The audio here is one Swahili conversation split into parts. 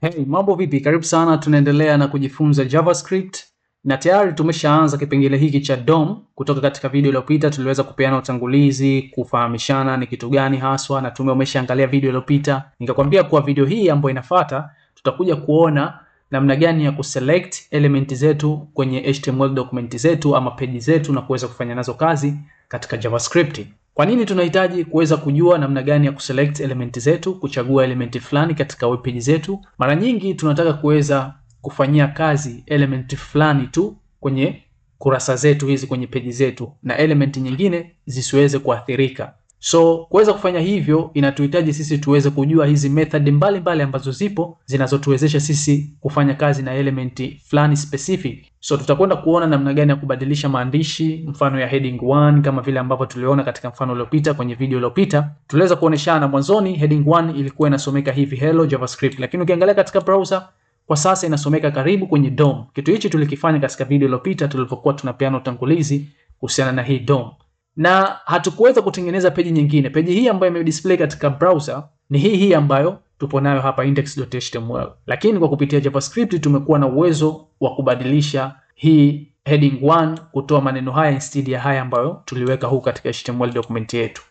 Hey, mambo vipi? Karibu sana, tunaendelea na kujifunza JavaScript na tayari tumeshaanza kipengele hiki cha DOM. Kutoka katika video iliyopita tuliweza kupeana utangulizi, kufahamishana ni kitu gani haswa, na tume umeshaangalia video iliyopita. Nikakwambia kwa video hii ambayo inafuata tutakuja kuona namna gani ya kuselect element zetu kwenye HTML document zetu ama page zetu na kuweza kufanya nazo kazi katika JavaScript. Kwa nini tunahitaji kuweza kujua namna gani ya kuselect elementi zetu, kuchagua elementi fulani katika web page zetu? Mara nyingi tunataka kuweza kufanyia kazi elementi fulani tu kwenye kurasa zetu hizi, kwenye peji zetu, na elementi nyingine zisiweze kuathirika. So kuweza kufanya hivyo inatuhitaji sisi tuweze kujua hizi method mbalimbali mbali ambazo zipo zinazotuwezesha sisi kufanya kazi na elementi fulani specific. So tutakwenda kuona namna gani ya kubadilisha maandishi mfano ya heading 1 kama vile ambavyo tuliona katika mfano uliopita kwenye video iliyopita. Tuliweza kuoneshana mwanzoni heading 1 ilikuwa inasomeka hivi hello JavaScript, lakini ukiangalia katika browser kwa sasa inasomeka karibu kwenye DOM. Kitu hichi tulikifanya katika video iliyopita tulivyokuwa tunapeana utangulizi kuhusiana na hii DOM na hatukuweza kutengeneza peji nyingine. Peji hii ambayo imedisplay katika browser ni hii hii ambayo tupo nayo hapa index.html, lakini kwa kupitia JavaScript tumekuwa na uwezo wa kubadilisha hii heading 1 kutoa maneno haya instead ya haya ambayo tuliweka huku katika HTML document yetu.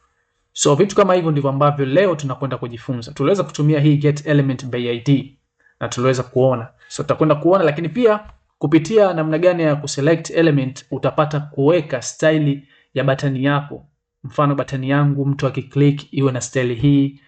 So vitu kama hivyo ndivyo ambavyo leo tunakwenda kujifunza. Tuliweza kutumia hii get element by id na tuliweza kuona, so tutakwenda kuona, lakini pia kupitia namna gani ya kuselect element utapata kuweka style ya batani yako. Mfano batani yangu mtu akiklik iwe na style hii,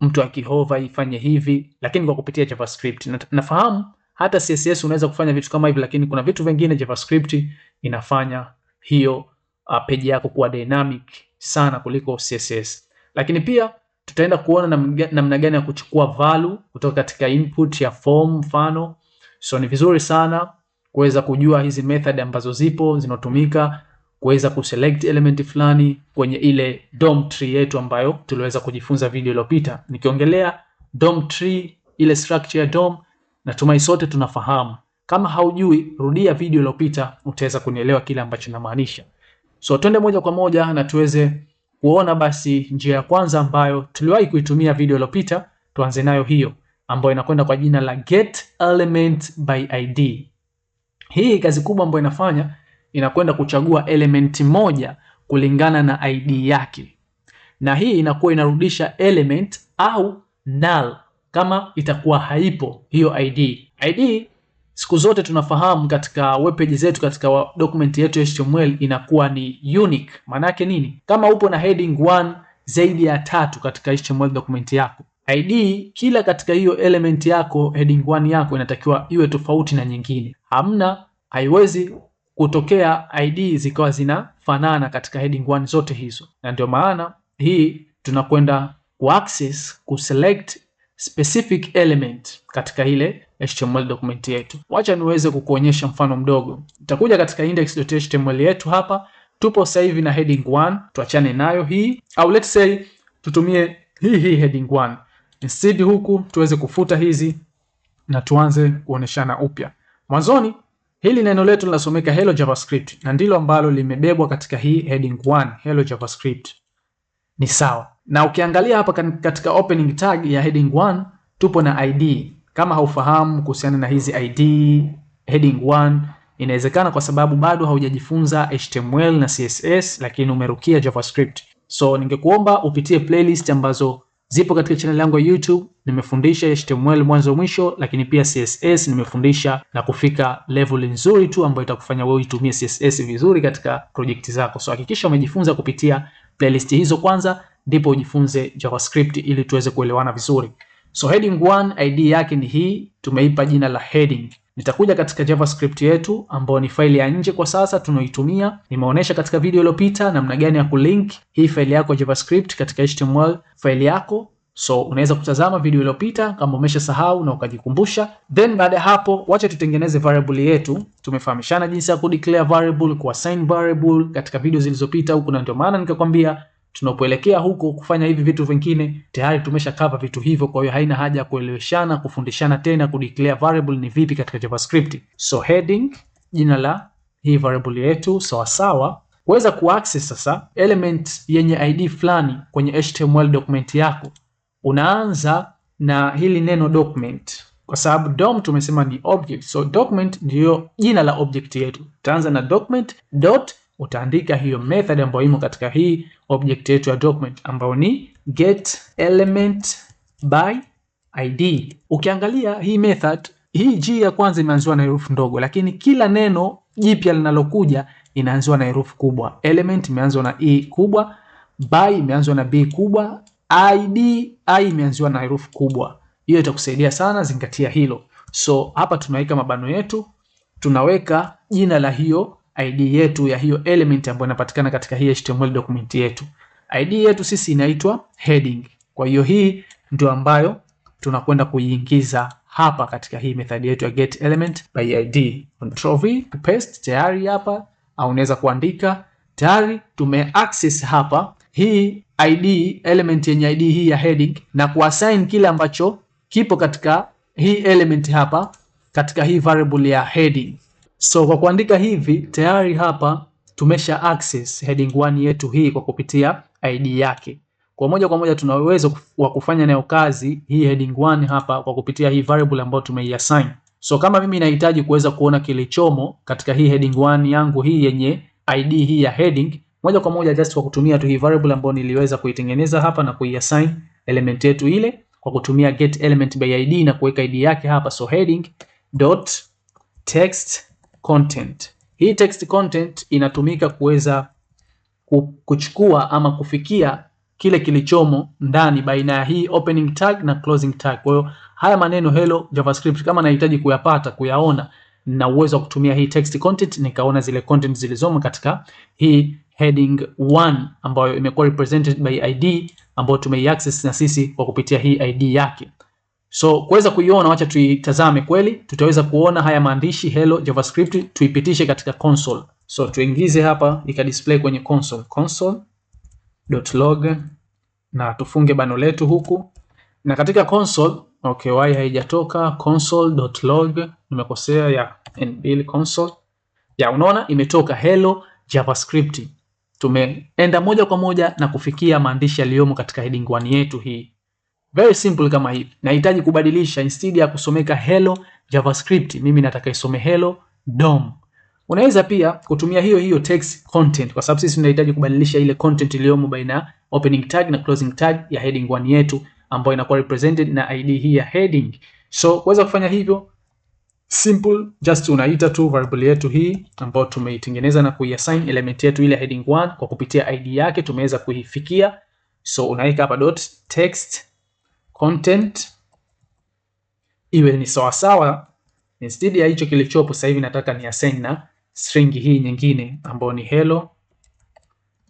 mtu akihova ifanye hivi, lakini kwa kupitia JavaScript. Na, nafahamu hata CSS unaweza kufanya vitu kama hivi, lakini kuna vitu vingine JavaScript inafanya hiyo uh, page yako kuwa dynamic sana kuliko CSS. Lakini pia tutaenda kuona namna gani ya kuchukua value kutoka katika input ya form mfano. So ni vizuri sana kuweza kujua hizi method ambazo zipo zinatumika kuweza kuselect element fulani kwenye ile DOM tree yetu ambayo tuliweza kujifunza video iliyopita. Nikiongelea DOM tree, ile structure ya DOM, natumai sote tunafahamu. Kama haujui, rudia video iliyopita utaweza kunielewa kile ambacho namaanisha. So twende moja kwa moja na tuweze kuona basi njia ya kwanza ambayo tuliwahi kuitumia video iliyopita, tuanze nayo hiyo ambayo inakwenda kwa jina la get element by id. Hii kazi kubwa ambayo inafanya inakwenda kuchagua elementi moja kulingana na id yake, na hii inakuwa inarudisha element au null kama itakuwa haipo hiyo id. id siku zote tunafahamu katika webpage zetu, katika document yetu HTML inakuwa ni unique. Maana yake nini? Kama upo na heading 1 zaidi ya tatu katika HTML document yako, id kila katika hiyo element yako heading 1 yako inatakiwa iwe tofauti na nyingine. Hamna, haiwezi kutokea ID zikawa zinafanana katika heading 1 zote hizo, na ndio maana hii tunakwenda ku access ku select specific element katika ile HTML document yetu. Wacha niweze kukuonyesha mfano mdogo. Nitakuja katika index.html yetu hapa. Tupo sasa hivi na heading 1, tuachane nayo hii au let's say tutumie hii hii heading 1. Instead huku tuweze kufuta hizi na tuanze kuoneshana upya. Mwanzoni Hili neno letu linasomeka hello javascript na ndilo ambalo limebebwa katika hii heading 1 hello javascript. Ni sawa. Na ukiangalia hapa katika opening tag ya heading 1 tupo na id. Kama haufahamu kuhusiana na hizi id heading 1 inawezekana kwa sababu bado haujajifunza HTML na CSS lakini umerukia JavaScript. So ningekuomba upitie playlist ambazo zipo katika channel yangu ya YouTube. Nimefundisha HTML mwanzo mwisho, lakini pia CSS nimefundisha na kufika level nzuri tu ambayo itakufanya wewe utumie CSS vizuri katika project zako. So hakikisha umejifunza kupitia playlist hizo kwanza, ndipo ujifunze JavaScript ili tuweze kuelewana vizuri. So heading 1 ID yake ni hii, tumeipa jina la heading. Nitakuja katika JavaScript yetu ambayo ni faili ya nje kwa sasa tunaoitumia. Nimeonyesha katika video iliyopita namna gani ya kulink hii faili yako JavaScript katika HTML faili yako. So unaweza kutazama video iliyopita kama umeshasahau na ukajikumbusha. Then baada ya hapo, wacha tutengeneze variable yetu. Tumefahamishana jinsi ya kudeclare variable, kuassign variable katika video zilizopita huko, na ndio maana nikakwambia tunapoelekea huko kufanya hivi vitu vingine tayari tumesha cover vitu hivyo, kwa hiyo haina haja ya kueleweshana kufundishana tena ku declare variable ni vipi katika JavaScript. So heading, jina la hii variable yetu sawa sawa, kuweza ku access sasa element yenye id fulani kwenye HTML document yako, unaanza na hili neno document kwa sababu DOM tumesema ni object, so document ndiyo jina la object yetu. Tutaanza na document dot utaandika hiyo method ambayo imo katika hii object yetu ya document ambayo ni get element by id. Ukiangalia hii method hii g ya kwanza imeanziwa na herufi ndogo, lakini kila neno jipya linalokuja inaanziwa na herufi kubwa. Element imeanzwa na e kubwa, by imeanzwa na b kubwa, id i imeanziwa na herufi kubwa. Hiyo itakusaidia sana, zingatia hilo. So hapa tunaweka mabano yetu, tunaweka jina la hiyo id yetu ya hiyo element ambayo inapatikana katika hii html document yetu. id yetu sisi inaitwa heading. Kwa hiyo hii ndio ambayo tunakwenda kuiingiza hapa katika hii method yetu ya get element by id. Control V paste tayari hapa, au unaweza kuandika tayari. Tume access hapa hii id element yenye id hii ya heading na kuassign kile ambacho kipo katika hii element hapa katika hii variable ya heading. So kwa kuandika hivi tayari hapa tumesha access heading 1 yetu hii kwa kupitia ID yake. Kwa moja kwa moja tuna uwezo wa kufanya nayo kazi hii heading 1 hapa kwa kupitia hii variable ambayo tumeiassign. So kama mimi nahitaji kuweza kuona kilichomo katika hii heading 1 yangu hii yenye ID hii ya heading moja kwa moja just kwa kutumia tu hii variable ambayo niliweza kuitengeneza hapa na kuiassign element yetu ile kwa kutumia get element by id na kuweka id yake hapa so heading dot text content. Hii text content inatumika kuweza kuchukua ama kufikia kile kilichomo ndani baina ya hii opening tag na closing tag. Kwa hiyo haya maneno hello JavaScript, kama nahitaji kuyapata kuyaona, na uwezo wa kutumia hii text content nikaona zile content zilizomo katika hii heading 1 ambayo imekuwa represented by id ambayo tumeiaccess na sisi kwa kupitia hii id yake. So kuweza kuiona, wacha tuitazame kweli, tutaweza kuona haya maandishi hello javascript, tuipitishe katika console. So tuingize hapa ika display kwenye console, console.log na tufunge bano letu huku, na katika console okay, why haijatoka console.log, nimekosea ya nbil console ya, unaona imetoka hello javascript. Tumeenda moja kwa moja na kufikia maandishi yaliyomo katika heading 1 yetu hii. Very simple kama hivi. Nahitaji kubadilisha instead ya kusomeka hello javascript, mimi nataka isome hello DOM. Unaweza pia kutumia hiyo hiyo text content kwa sababu sisi tunahitaji kubadilisha ile content iliyomo baina ya opening tag na closing tag ya heading 1 yetu ambayo inakuwa represented na id hii ya heading. So kuweza kufanya hivyo simple, just unaita tu variable yetu hii ambayo tumeitengeneza na kuiassign element yetu ile heading 1 kwa kupitia id yake tumeweza kuifikia. So unaweka hapa dot text content iwe ni sawasawa instead ya hicho kilichopo sasa hivi nataka ni assign na string hii nyingine ambayo ni hello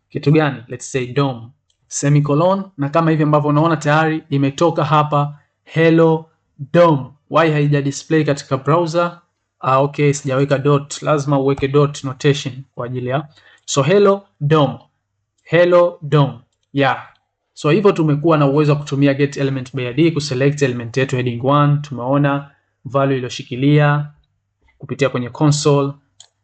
kitu gani let's say dom semicolon na kama hivi ambavyo unaona tayari imetoka hapa hello dom why haija display katika browser ah okay sijaweka dot lazima uweke dot notation kwa ajili ya so hello dom hello dom yeah So hivyo tumekuwa na uwezo wa kutumia get element by id kuselect element yetu heading 1, tumeona value iliyoshikilia kupitia kwenye console,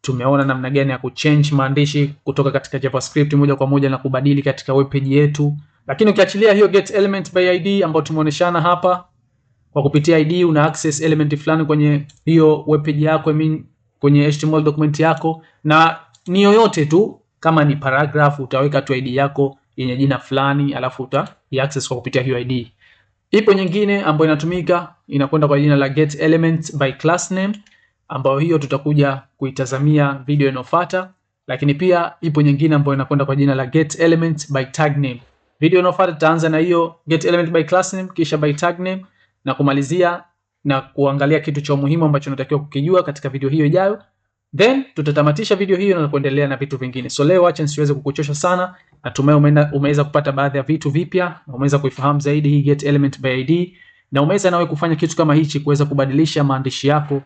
tumeona namna gani ya kuchange maandishi kutoka katika JavaScript moja kwa moja na kubadili katika web page yetu. Lakini ukiachilia hiyo get element by id ambayo tumeoneshana hapa, kwa kupitia id una access element fulani kwenye hiyo web page yako, I mean kwenye HTML document yako, na ni yoyote tu, kama ni paragraph utaweka tu id yako yenye jina fulani, alafu uta access kwa kupitia UID. Ipo nyingine ambayo inatumika inakwenda kwa jina la get element by class name, ambayo hiyo tutakuja kuitazamia video inayofuata, lakini pia ipo nyingine ambayo inakwenda kwa jina la get element by tag name. Video inayofuata tutaanza na hiyo get element by class name, kisha by tag name na kumalizia na kuangalia kitu cha muhimu ambacho unatakiwa kukijua katika video hiyo ijayo. Then tutatamatisha video hiyo na kuendelea na vitu vingine. So leo acha nisiweze kukuchosha sana. Natumai umeenda umeweza kupata baadhi ya vitu vipya na umeweza kuifahamu zaidi hii Get Element by ID na umeweza nawe kufanya kitu kama hichi kuweza kubadilisha maandishi yako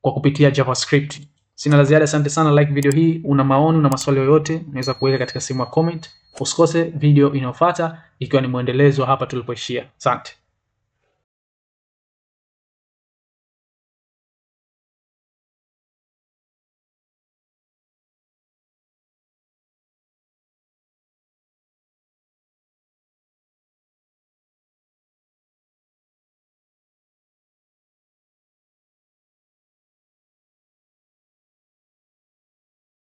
kwa kupitia JavaScript. Sina la ziada, asante sana. Like video hii. Una maoni, na maswali yoyote, unaweza kuweka katika sehemu ya comment. Usikose video inayofuata ikiwa ni mwendelezo hapa tulipoishia. Asante.